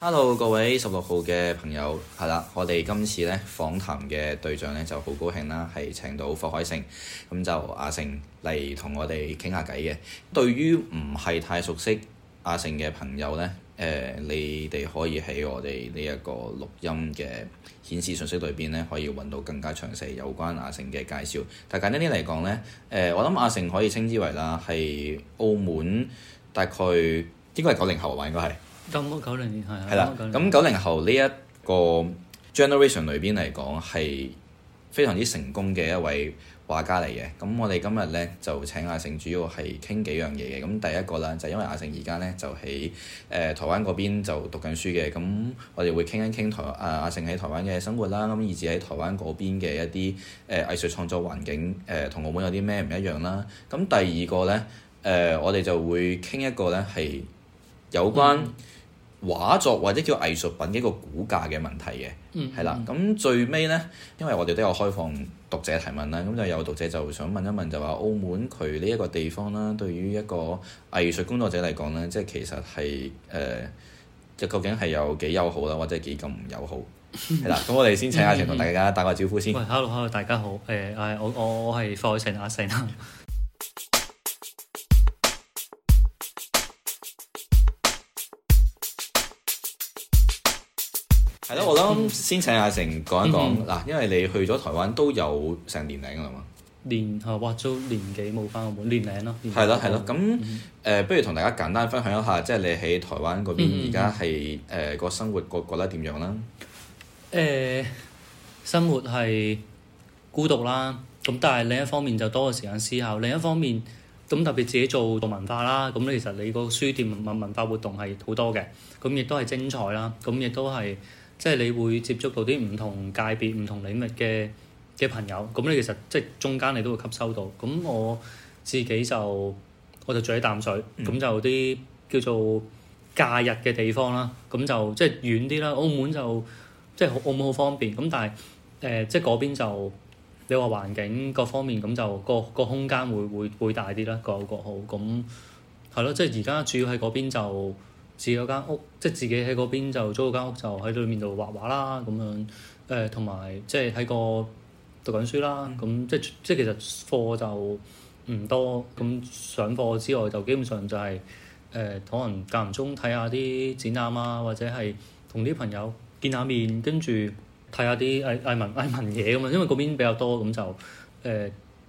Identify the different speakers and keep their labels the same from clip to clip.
Speaker 1: Hello，各位十六號嘅朋友，係啦，我哋今次咧訪談嘅對象咧就好高興啦，係請到霍凱盛，咁就阿盛嚟同我哋傾下偈嘅。對於唔係太熟悉阿盛嘅朋友咧，誒、呃，你哋可以喺我哋呢一個錄音嘅顯示信息裏邊咧，可以搵到更加詳細有關阿盛嘅介紹。但簡單啲嚟講咧，誒、呃，我諗阿盛可以稱之為啦，係澳門大概應該係九零後啊吧，應該係。
Speaker 2: 九九零年係啊，咁九
Speaker 1: 零後呢一個 generation 裏邊嚟講係非常之成功嘅一位畫家嚟嘅。咁我哋今日呢，就請阿盛，主要係傾幾樣嘢嘅。咁第一個啦，就因為阿盛而家呢，就喺、是、誒、呃、台灣嗰邊就讀緊書嘅。咁我哋會傾一傾台阿阿盛喺台灣嘅生活啦。咁以至喺台灣嗰邊嘅一啲誒、呃、藝術創作環境誒同、呃、澳門有啲咩唔一樣啦。咁第二個呢，誒、呃，我哋就會傾一個呢，係有關、嗯。畫作或者叫藝術品嘅一個估價嘅問題嘅，係啦、嗯。咁最尾呢，因為我哋都有開放讀者提問啦，咁就有讀者就想問一問，就話澳門佢呢一個地方啦，對於一個藝術工作者嚟講呢，即係其實係誒，即、呃、究竟係有幾友好啦，或者幾咁唔友好？係啦。 咁我哋先請阿盛同大家打個招呼先。 喂，hello
Speaker 2: hello，大家好。誒、uh,，我我我係霍凱盛阿盛。
Speaker 1: 係咯，我諗先請阿成講一講嗱，因為你去咗台灣都有成年零啦嘛，
Speaker 2: 年吓畫咗年幾冇返澳門年零咯。係咯係咯，
Speaker 1: 咁誒、嗯呃，不如同大家簡單分享一下，即係你喺台灣嗰邊而家係誒個生活，覺覺得點樣啦？
Speaker 2: 誒、呃，生活係孤獨啦，咁但係另一方面就多嘅時間思考，另一方面咁特別自己做文化啦，咁其實你個書店文文化活動係好多嘅，咁亦都係精彩啦，咁亦都係。即係你會接觸到啲唔同界別、唔同領域嘅嘅朋友，咁你其實即係、就是、中間你都會吸收到。咁我自己就我就住喺淡水，咁就啲叫做假日嘅地方啦，咁就即係、就是、遠啲啦。澳門就即係澳門好方便，咁但係誒即係嗰邊就你話環境各方面咁就個個空間會會會大啲啦，各有各好。咁係咯，即係而家主要喺嗰邊就。自己有間屋，即係自己喺嗰邊就租到間屋，就喺裏面度畫畫啦咁樣。誒、呃，同埋即係睇個讀緊書啦，咁、嗯、即係即係其實課就唔多。咁上課之外，就基本上就係、是、誒、呃、可能間唔中睇下啲展覽啊，或者係同啲朋友見下面，跟住睇下啲藝藝文藝文嘢咁啊。因為嗰邊比較多，咁就誒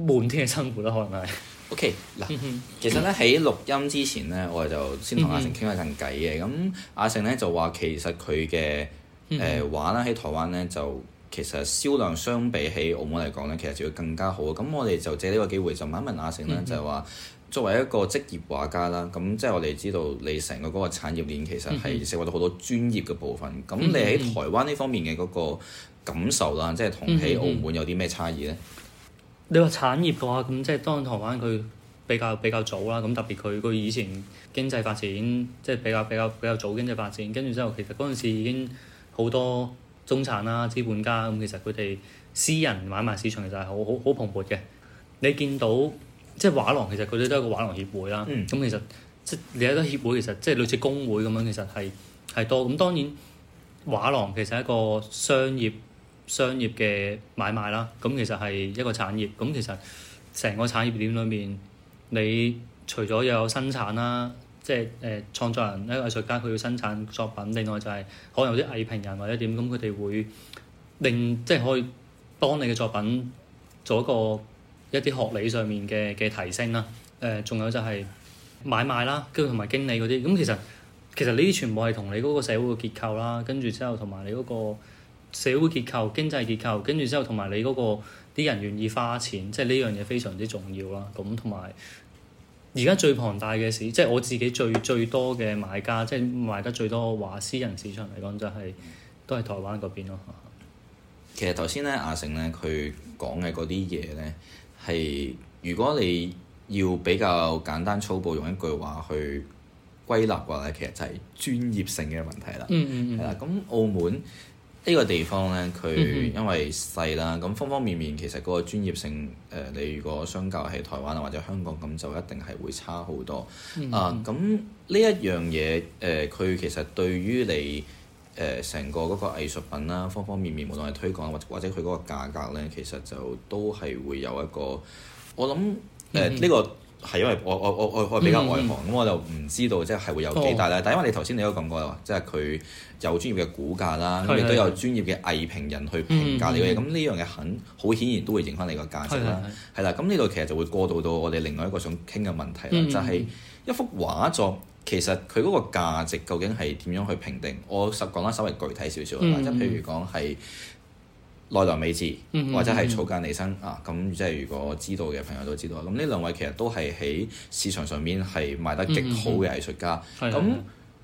Speaker 2: 悶啲嘅生活啦，可能係、啊。 O.K. 嗱，其實咧喺
Speaker 1: 錄音之前咧，我哋就先同阿成傾一陣偈嘅。咁阿成咧就話其實佢嘅誒畫啦，喺台灣咧，就其實銷量相比起澳門嚟講咧，其實仲要更加好。咁我哋就借呢個機會就問一問阿成咧，mm hmm. 就係話作為一個職業畫家啦，咁即係我哋知道你成個嗰個產業鏈其實係涉及到好多專業嘅部分。咁、mm hmm. 你喺台灣呢方面嘅嗰個感受啦，mm hmm. 即係同喺澳門有啲咩差異咧？
Speaker 2: 你話產業嘅話，咁即係當然，台灣佢
Speaker 1: 比較比較早啦。
Speaker 2: 咁特別佢佢以前經濟發展，即係比較比較比較早經濟發展，跟住之後其實嗰陣時已經好多中產啦、資本家咁，其實佢哋私人買賣市場其實係好好好蓬勃嘅。你見到即係畫廊，其實佢哋都係個畫廊協會啦。咁其實即係你有個協會，嗯、其實即係類似工會咁樣，其實係係多。咁當然畫廊其實係一個商業。商業嘅買賣啦，咁其實係一個產業，咁其實成個產業鏈裏面，你除咗有生產啦，即係誒創作人一個藝術家佢要生產作品，另外就係可能有啲藝評人或者點，咁佢哋會令即係、即係、可以幫你嘅作品做一個一啲學理上面嘅嘅提升啦。誒，仲有就係買賣啦，跟住同埋經理嗰啲，咁其實其實呢啲全部係同你嗰個社會嘅結構啦，跟住之後同埋你嗰、嗰個。社會結構、經濟結構，跟住之後同埋你嗰、那個啲人願意花錢，即係呢樣嘢非常之重要啦。咁同埋而家最龐大嘅市，即係我自己最最多嘅買家，即係買得最多畫私人市場嚟講，就是，就係都係台灣嗰邊咯。其
Speaker 1: 實頭先咧，阿成咧佢講嘅嗰啲嘢咧，係如果你要比較簡單粗暴用一句話去歸納嘅話，其實就係專業性嘅問題，嗯嗯嗯啦。嗯嗯嗯。係啦、嗯，咁澳門。呢個地方呢，佢因為細啦，咁、嗯嗯嗯、方方面面其實嗰個專業性，誒、呃，你如果相較喺台灣啊或者香港咁，就一定係會差好多。嗯嗯啊，咁、嗯、呢一樣嘢，誒、呃，佢其實對於你誒成、呃、個嗰個藝術品啦，方方面面無論係推廣或者或者佢嗰個價格呢，其實就都係會有一個，我諗誒呢個。係因為我我我我我比較外行，咁、嗯、我就唔知道即係會有幾大咧。哦、但因為你頭先你都講過即係佢有專業嘅估價啦，亦的都有專業嘅藝評人去評價你嘅嘢，咁呢、嗯、樣嘢肯，好顯然都會影響你個價值啦。係啦的，咁呢度其實就會過渡到我哋另外一個想傾嘅問題啦，嗯、就係一幅畫作其實佢嗰個價值究竟係點樣去評定？我實講得稍微具體少少啦，即譬、嗯嗯、如講係。奈良美智，嗯嗯嗯，或者係草間彌生啊，咁即係如果知道嘅朋友都知道。咁呢兩位其實都係喺市場上面係賣得極好嘅藝術家。咁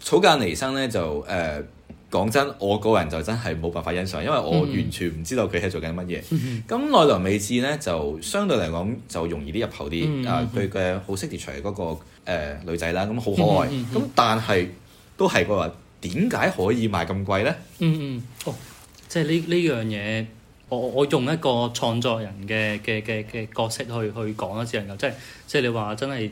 Speaker 1: 草間彌生呢，就誒講、呃、真，我個人就真係冇辦法欣賞，因為我完全唔知道佢係做緊乜嘢。咁奈良美智呢，就相對嚟講就容易啲入口啲、嗯嗯嗯、啊，佢嘅好識啲除嗰個、呃、女仔啦，咁好可愛。咁、嗯嗯嗯嗯嗯、但係都係話點解可以賣咁貴呢？嗯嗯、哦即係呢呢樣嘢，我我用一個創
Speaker 2: 作人嘅嘅嘅嘅角色去去講啦，只能夠即係即係你話真係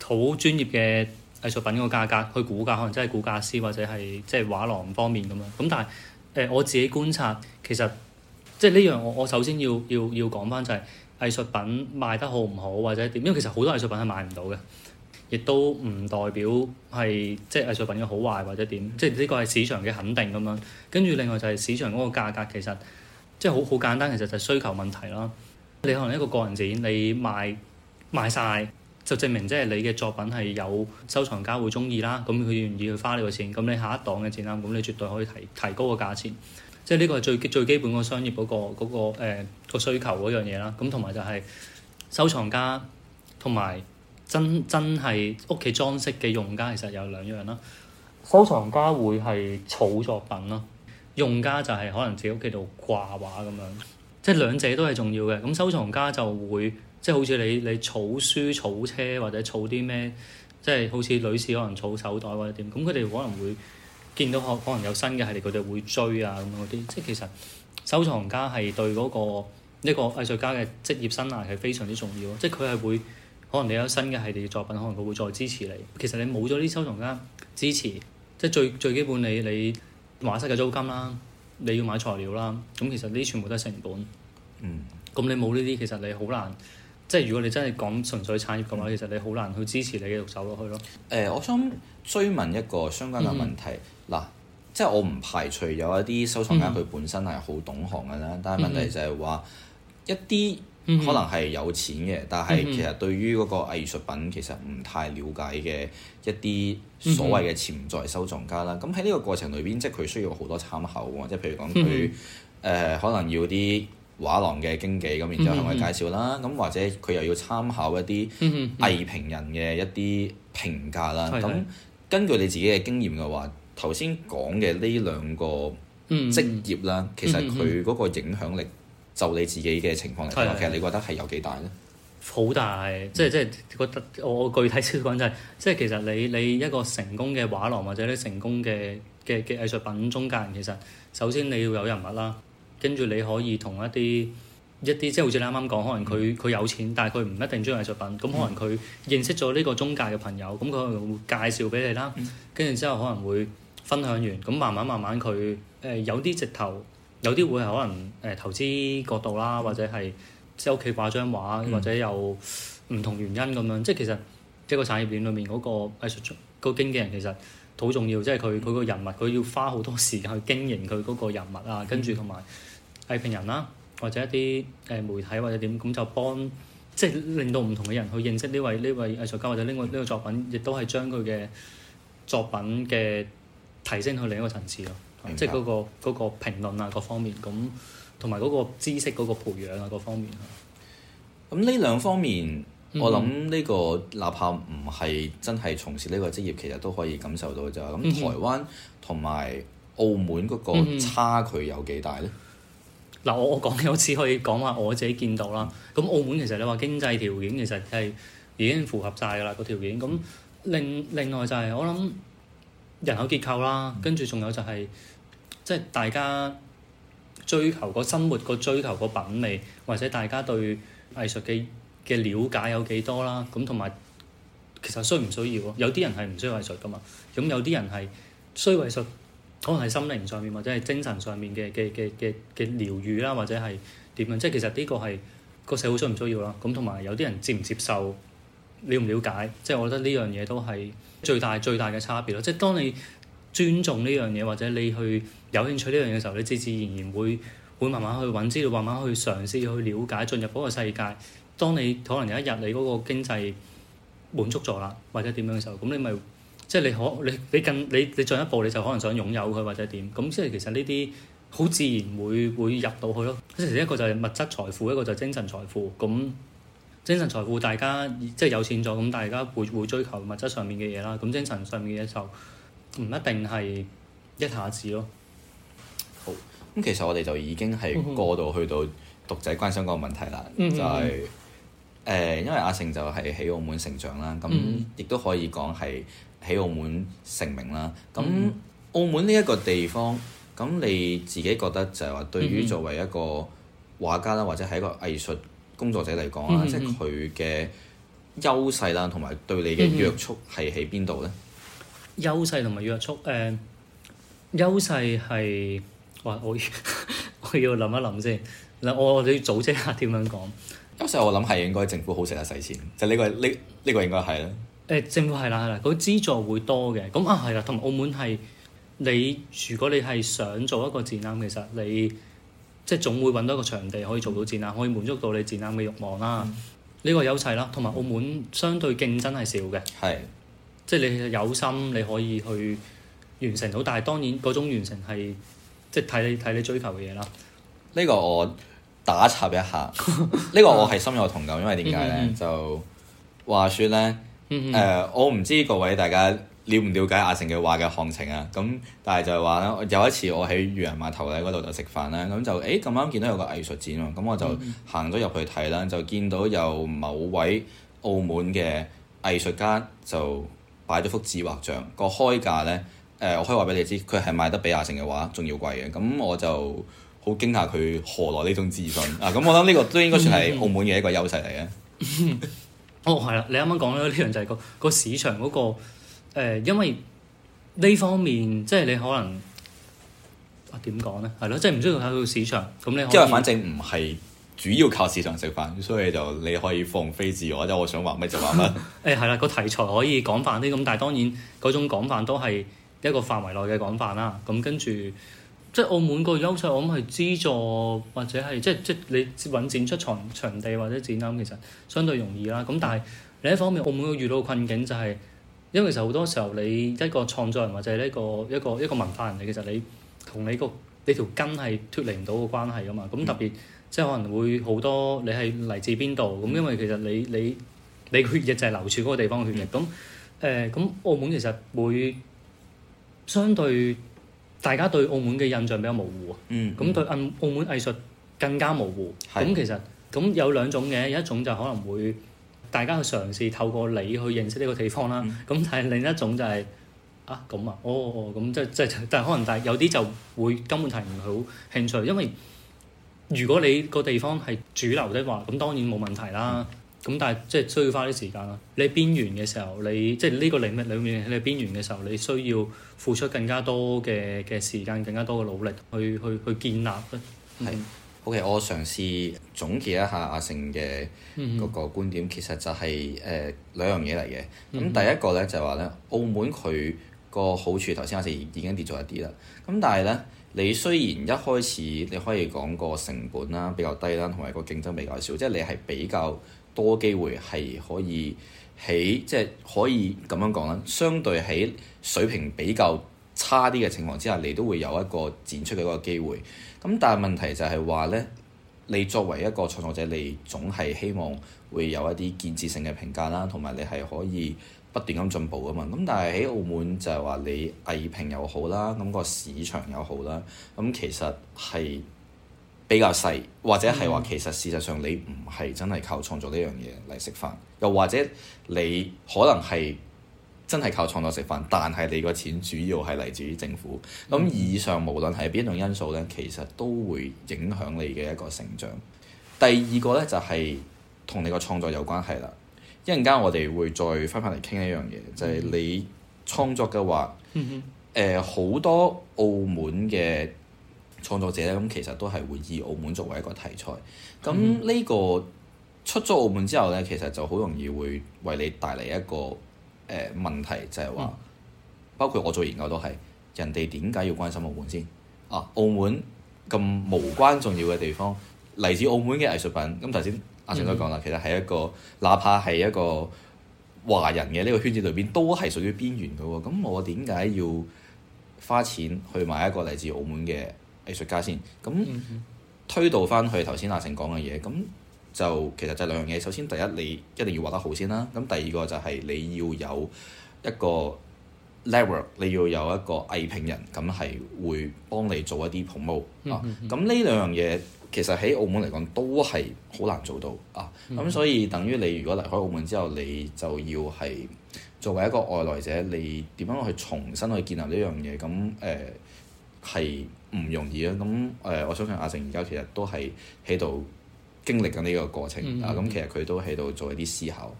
Speaker 2: 好專業嘅藝術品個價格去估價，可能真係估價師或者係即係畫廊方面咁樣。咁但係誒、呃，我自己觀察其實即係呢樣，我我首先要要要講返就係藝術品賣得好唔好或者點，因為其實好多藝術品係賣唔到嘅。亦都唔代表係即係藝術品嘅好壞或者點，即係呢個係市場嘅肯定咁樣。跟住另外就係市場嗰個價格其實即係好好簡單，其實就係需求問題啦。你可能一個個人展，你賣賣晒，就證明即係你嘅作品係有收藏家會中意啦，咁佢願意去花呢個錢。咁你下一檔嘅展啦，咁你絕對可以提提高個價錢。即係呢個係最最基本個商業嗰個嗰個呃個需求嗰樣嘢啦。咁同埋就係收藏家同埋。真真係屋企裝飾嘅用家其實有兩樣啦，啊，收藏家會係儲作品咯，啊，用家就係可能自己屋企度掛畫咁樣，即係兩者都係重要嘅。咁，嗯，收藏家就會即係好似你你儲書，儲車或者儲啲咩，即係好似女士可能儲手袋或者點，咁佢哋可能會見到可能有新嘅系列，佢哋會追啊咁嗰啲。即係其實收藏家係對嗰，嗰個一，這個藝術家嘅職業生涯係非常之重要，即係佢係會。可能你有新嘅系列嘅作品，可能佢會再支持你。其實你冇咗啲收藏家支持，即係最最基本你你畫室嘅租金啦，你要買材料啦，咁其實呢啲全部都係成本。嗯。咁你冇呢啲，其實你好難，即係如果你真係講純粹產業嘅話，其實你好難去支持你繼
Speaker 1: 續走落去咯。誒、欸，我想追問一個相關嘅問題，嗱、嗯嗯，即係、就是、我唔排除有一啲收藏家佢、嗯嗯、本身係好懂行嘅啦，但係問題就係話一啲。嗯嗯嗯可能係有錢嘅，但係其實對於嗰個藝術品其實唔太了解嘅一啲所謂嘅潛在收藏家啦。咁喺呢個過程裏邊，即係佢需要好多參考喎。即係譬如講佢誒可能要啲畫廊嘅經紀咁，然之後向佢介紹啦。咁、嗯嗯、或者佢又要參考一啲藝評人嘅一啲評價啦。咁、嗯嗯嗯、根據你自己嘅經驗嘅話，頭先講嘅呢兩個職業啦，嗯、其實佢嗰個影響力。就你自己嘅情況嚟講，的其實你覺得係有幾大咧？好大，嗯、即係即係覺得我具體嚟講
Speaker 2: 就係、是，即係其實你你一個成功嘅畫廊或者咧成功嘅嘅嘅藝術品中介人，其實首先你要有人物啦，跟住你可以同一啲一啲即係好似你啱啱講，可能佢佢有錢，但係佢唔一定鍾意藝術品，咁可能佢認識咗呢個中介嘅朋友，咁佢會介紹俾你啦，跟住、嗯、之後可能會分享完，咁慢慢慢慢佢誒、呃、有啲直頭。有啲會係可能誒、呃、投資角度啦，或者係即係屋企掛張畫，嗯、或者有唔同原因咁樣。即係其實一個產業鏈裏面嗰個藝術、嗰個經紀人其實好重要，即係佢佢個人物，佢要花好多時間去經營佢嗰個人物啊。跟住同埋藝評人啦，或者一啲誒、呃、媒體或者點，咁就幫即係令到唔同嘅人去認識呢位呢位藝術家或者呢、呢個呢、嗯、個作品，亦都係將佢嘅作品嘅提升去另一個層次咯。即係、那、嗰個嗰、嗰個評論啊，各方面咁，同埋嗰個知識嗰個培養啊，各方
Speaker 1: 面咁呢兩方面，嗯、我諗呢、呢個立下唔係真係從事呢個職業，其實都可以感受到嘅。咁台灣同埋澳門嗰個差距有幾大咧？嗱、嗯嗯嗯，我我講有次可以講話我自己
Speaker 2: 見到啦。咁、嗯、澳門其實你話經濟條件其實係已經符合晒噶啦個條件。咁另、嗯、另外就係、是、我諗。人口結構啦，跟住仲有就係即係大家追求個生活個追求個品味，或者大家對藝術嘅嘅瞭解有幾多啦？咁同埋其實需唔需要？有啲人係唔需要藝術㗎嘛？咁有啲人係需要藝術，可能係心靈上面或者係精神上面嘅嘅嘅嘅嘅療愈啦，或者係點樣？即係其實呢個係個社會需唔需要啦？咁同埋有啲人接唔接受，了唔了解？即係我覺得呢樣嘢都係。最大最大嘅差別咯，即係當你尊重呢樣嘢，或者你去有興趣呢樣嘢嘅時候，你自自然然會會慢慢去揾資料，慢慢去嘗試去了解進入嗰個世界。當你可能有一日你嗰個經濟滿足咗啦，或者點樣嘅時候，咁你咪即係你可你你更你你進一步，你就可能想擁有佢或者點，咁即係其實呢啲好自然會會入到去咯。即係一個就係物質財富，一個就係精神財富咁。精神財富，大家即係有錢咗，咁大家會會追求物質上面嘅嘢啦。咁精神上面嘅嘢就唔一定係一下子咯。
Speaker 1: 好，咁其實我哋就已經係過度去到讀者關心嗰個問題啦。就係誒，因為阿成就係喺澳門成長啦，咁亦都可以講係喺澳門成名啦。咁澳門呢一個地方，咁你自己覺得就係話，對於作為一個畫家啦，或者係一個藝術工作者嚟講啊，即係佢嘅優勢啦，同埋對你嘅約束係喺邊度咧？
Speaker 2: 優勢同埋約束，誒，優勢係，我我 我要諗一諗先。嗱，我我哋要組織下點樣
Speaker 1: 講？優勢我諗係應該政府好食得使錢，就呢、係呢個呢呢、呢個呢個應該係
Speaker 2: 啦。誒、呃，政府係啦，係啦，佢資助會多嘅。咁啊係啦，同埋澳門係你，如果你係想做一個展覽，其實你。即係總會揾到一個場地可以做到展覽，可以滿足到你展覽嘅欲望啦。呢、嗯、個優勢啦，同埋澳門相對競爭係少嘅。係是，即係你有心你可以去完成到，但係當然嗰種完成係即係睇你睇你追求嘅嘢啦。
Speaker 1: 呢個我打插一下，呢 個我係心有同感，因為點解呢？嗯嗯就話説呢，誒、嗯嗯呃，我唔知各位大家。了唔瞭解阿成嘅畫嘅行情啊？咁、嗯、但係就係話咧，有一次我喺漁人碼頭咧嗰度就食飯啦。咁就誒咁啱見到有個藝術展喎，咁我就行咗入去睇啦，嗯、就見到有某位澳門嘅藝術家就擺咗幅字畫像，個開價咧誒，我可以話俾你知，佢係賣得比阿成嘅畫仲要貴嘅，咁我就好驚訝佢何來呢種自信、嗯、啊！咁我諗呢個都應該算係澳門嘅一個優勢嚟嘅、嗯嗯
Speaker 2: 嗯。哦，係啦，你啱啱講咗呢樣就係個個市場嗰、那個。誒，因為呢方面即係你可能啊點講咧？係咯，即係唔需要靠市場，咁你可以因為反正
Speaker 1: 唔係主要靠市場食飯，所以就你可以放飛自我，即係我想話乜就話乜、 哎。誒係啦，個題材可以
Speaker 2: 廣泛啲，咁但係當然嗰種廣泛都係一個範圍內嘅廣泛啦。咁跟住即係澳門個優勢，我諗係資助或者係即係即係你揾展出場場地或者展覽，其實相對容易啦。咁但係、嗯、另一方面，澳門會遇到困境就係、是。因為其實好多時候，你一個創作人或者係一個一個一個文化人嚟，其實你同你個你條根係脫離唔到嘅關係啊嘛。咁特別即係可能會好多你係嚟自邊度咁，因為其實你你你血液就係流住嗰個地方嘅血液。咁誒咁澳門其實會相對大家對澳門嘅印象比較模糊，嗯，咁對澳澳門藝術更加模糊。咁其實咁有兩種嘅，一種就可能會。大家去嘗試透過你去認識呢個地方啦，咁、嗯、但係另一種就係啊咁啊，哦咁即係即係，oh, oh, oh. 但係可能但係有啲就會根本提唔到興趣，因為如果你個地方係主流嘅話，咁當然冇問題啦。咁、嗯、但係即係需要花啲時間啦。你喺邊緣嘅時候，你即係呢個領域裡面你喺邊緣嘅時候，你需要付出更加多嘅嘅時間，更加多嘅努力去去去建立咧。
Speaker 1: 係、嗯。好嘅，okay, 我嘗試總結一下阿成嘅嗰個觀點，mm hmm. 其實就係、是、誒、呃、兩樣嘢嚟嘅。咁、mm hmm. 第一個咧就係話咧，澳門佢個好處，頭先阿成已經跌咗一啲啦。咁但係咧，你雖然一開始你可以講個成本啦比較低啦，同埋個競爭比較少，即係你係比較多機會係可以喺即係可以咁樣講啦，相對喺水平比較差啲嘅情況之下，你都會有一個展出嘅一個機會。咁但係問題就係話咧，你作為一個創作者，你總係希望會有一啲建設性嘅評價啦，同埋你係可以不斷咁進步啊嘛。咁但係喺澳門就係話你藝評又好啦，咁個市場又好啦，咁其實係比較細，或者係話其實事實上你唔係真係靠創作呢樣嘢嚟食飯，又或者你可能係。真係靠創作食飯，但係你個錢主要係嚟自於政府。咁以上無論係邊種因素咧，其實都會影響你嘅一個成長。第二個咧就係、是、同你個創作有關係啦。一陣間我哋會再翻翻嚟傾一樣嘢，就係、是、你創作嘅話，誒、呃、好多澳門嘅創作者咧，咁其實都係會以澳門作為一個題材。咁呢、這個出咗澳門之後咧，其實就好容易會為你帶嚟一個。誒問題就係話，包括我做研究都係，人哋點解要關心澳門先？啊，澳門咁無關重要嘅地方，嚟自澳門嘅藝術品，咁頭先阿成都講啦，嗯、其實係一個，哪怕係一個華人嘅呢個圈子裏邊，都係屬於邊緣嘅喎。咁我點解要花錢去買一個嚟自澳門嘅藝術家先？咁推導翻去頭先阿成講嘅嘢，咁。就其實就兩樣嘢，首先第一你一定要畫得好先啦，咁第二個就係你要有一個 level，你要有一個藝評人，咁係會幫你做一啲 promote 啊，咁呢兩樣嘢其實喺澳門嚟講都係好難做到啊，咁所以等於你如果離開澳門之後，你就要係作為一個外來者，你點樣去重新去建立呢樣嘢，咁誒係唔容易啊，咁誒、呃、我相信阿盛而家其實都係喺度經歷緊呢個過程啊，咁其實佢都喺度做一啲思考。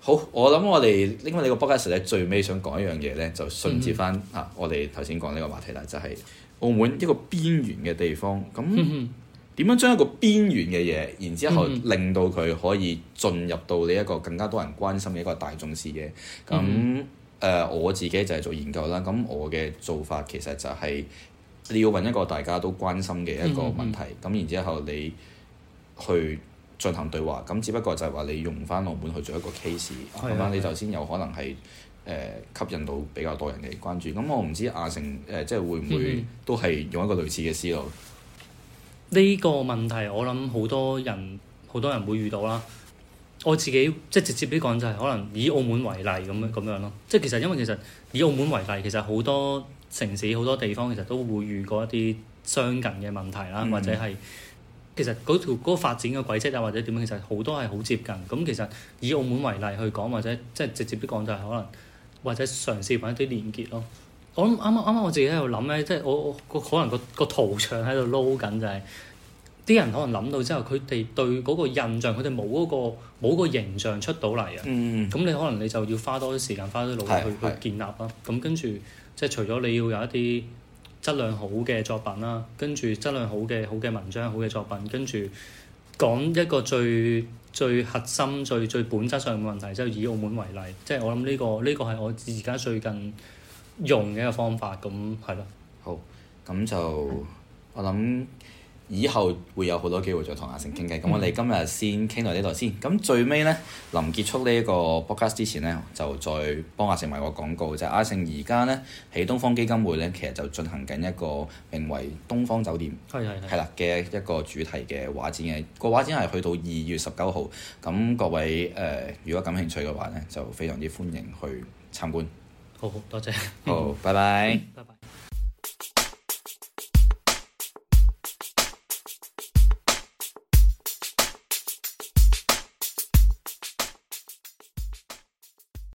Speaker 1: 好，我諗我哋，因為呢個 podcast 咧，最尾想講一樣嘢咧，就順接翻啊，我哋頭先講呢個話題啦，就係澳門一個邊緣嘅地方。咁點樣將一個邊緣嘅嘢，然之後令到佢可以進入到你一個更加多人關心嘅一個大眾視野，咁誒，我自己就係做研究啦。咁我嘅做法其實就係你要揾一個大家都關心嘅一個問題，咁然之後你。去進行對話，咁只不過就係話你用返澳門去做一個 case，咁是的 啊是的 你就先有可能係誒、呃、吸引到比較多人嘅關注。咁我唔知阿盛，誒、呃、即係會唔會都係用一個類似嘅思路。
Speaker 2: 呢、嗯、個問題我諗好多人好多人會遇到啦。我自己即係直接啲講就係可能以澳門為例咁樣咁樣咯。即係其實因為其實以澳門為例，其實好多城市好多地方其實都會遇過一啲相近嘅問題啦，嗯、或者係。其實嗰條嗰、嗰個發展嘅軌跡啊，或者點樣，其實好多係好接近。咁其實以澳門為例去講，或者即係直接啲講就係可能，或者嘗試搵一啲連結咯。我諗啱啱啱啱我自己喺度諗咧，即係我我個可能個個圖像喺度撈緊就係、是，啲人可能諗到之後，佢哋對嗰個印象，佢哋冇嗰個冇個形象出到嚟啊。咁、嗯、你可能你就要花多啲時間，花多啲努力去的去建立啦。咁的跟住，即係除咗你要有一啲。質量好嘅作品啦，跟住質量好嘅好嘅文章、好嘅作品，跟住講一個最最核心、最最本質上嘅問題，即係以澳門為例，即係我諗呢個呢個係我而家最近用嘅一個方法，咁係咯。
Speaker 1: 好，咁就我諗。以後會有好多機會再同阿盛傾偈，咁、嗯、我哋今日先傾到呢度先。咁最尾呢，臨結束呢一個 podcast 之前呢，就再幫阿盛賣個廣告，就係、是、阿盛而家呢，喺東方基金會呢，其實就進行緊一個名為《東方酒店》係啦嘅一個主題嘅畫展嘅，個畫展係去到二月十九號。咁各位誒、呃、如果感興趣嘅話呢，就非常之歡迎去參觀。好，好，多謝。好，拜拜 Bye bye.。拜拜。